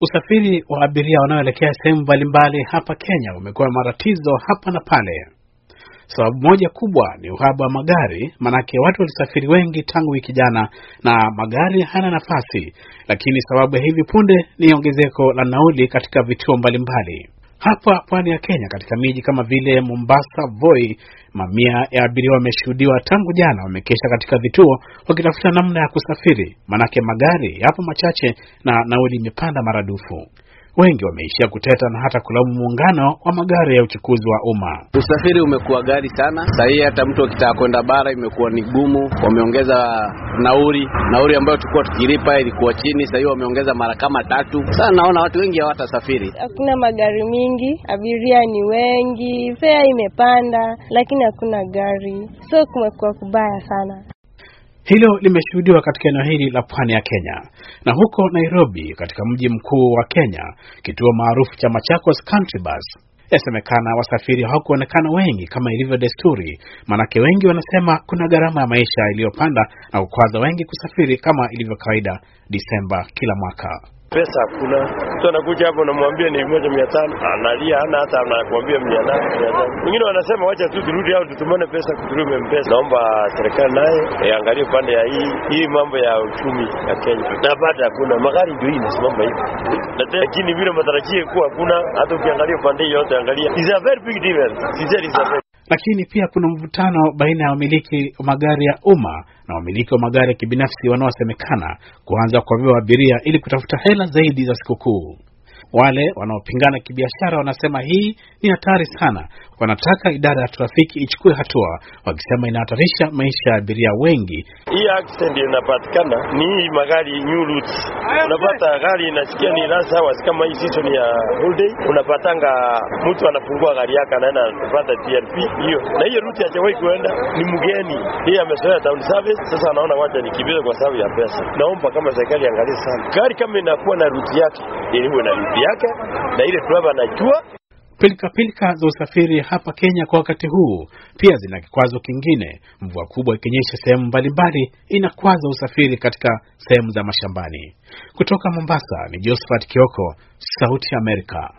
Usafiri wa abiria wanaoelekea sehemu mbalimbali hapa Kenya umekuwa matatizo hapa na pale. Sababu moja kubwa ni uhaba wa magari, manake watu walisafiri wengi tangu wiki jana na magari hana nafasi, lakini sababu ya hivi punde ni ongezeko la nauli katika vituo mbalimbali. Hapa pwani ya Kenya, katika miji kama vile Mombasa, Voi, mamia ya abiria wameshuhudiwa tangu jana wamekesha katika vituo wakitafuta namna ya kusafiri, manake magari yapo machache na nauli imepanda maradufu wengi wameishia kuteta na hata kulamu muungano wa magari ya uchukuzi wa umma. Usafiri umekuwa gari sana sahii hata mtu akitaka kwenda bara imekuwa ni gumu. Wameongeza nauri, nauri ambayo tulikuwa tukilipa ilikuwa chini, sahii wameongeza mara kama tatu. Sasa naona watu wengi hawatasafiri, hakuna magari mingi, abiria ni wengi, fea imepanda, lakini hakuna gari, so kumekuwa kubaya sana. Hilo limeshuhudiwa katika eneo hili la pwani ya Kenya na huko Nairobi, katika mji mkuu wa Kenya, kituo maarufu cha Machakos Country Bus. Yasemekana wasafiri hawakuonekana wengi kama ilivyo desturi, manake wengi wanasema kuna gharama ya maisha iliyopanda na kukwaza wengi kusafiri kama ilivyo kawaida Disemba kila mwaka. Pesa hakuna. Mtu anakuja hapo unamwambia ni moja mia tano, analia hana hata, anakuambia mia nane mia tano. Wengine wanasema wacha tu turudi au tutumane pesa kuturume mpesa. Naomba serikali naye iangalie upande ya hii hii mambo ya uchumi ya Kenya, na baada hakuna magari, ndio hii inasimama hivi, lakini vile matarajio kuwa hakuna. Hata ukiangalia upande yote, angalia is a very big difference. Lakini pia kuna mvutano baina ya wamiliki wa magari ya umma na wamiliki wa magari ya kibinafsi wanaosemekana kuanza kuwabewa abiria ili kutafuta hela zaidi za sikukuu. Wale wanaopingana kibiashara wanasema hii ni hatari sana. Wanataka idara ya trafiki ichukue hatua, wakisema inahatarisha maisha ya abiria wengi. Hii accident inapatikana ni hii magari new routes, unapata gari inasikia ni rasa wasi, kama hii season ya holiday, unapatanga mtu anafungua gari yake anaenda kupata TLP hiyo, na hiyo route hajawahi kuenda, ni mgeni hii, amezoea town service. Sasa anaona wacha nikibiza kwa sababu ya pesa. Naomba kama serikali angalie sana gari kama inakuwa na route yake ili uwe na lizi yake na ile driver anajua. Pilikapilika za usafiri hapa Kenya kwa wakati huu pia zina kikwazo kingine. Mvua kubwa ikinyesha sehemu mbalimbali inakwaza usafiri katika sehemu za mashambani. Kutoka Mombasa ni Josephat Kioko, Sauti ya Amerika.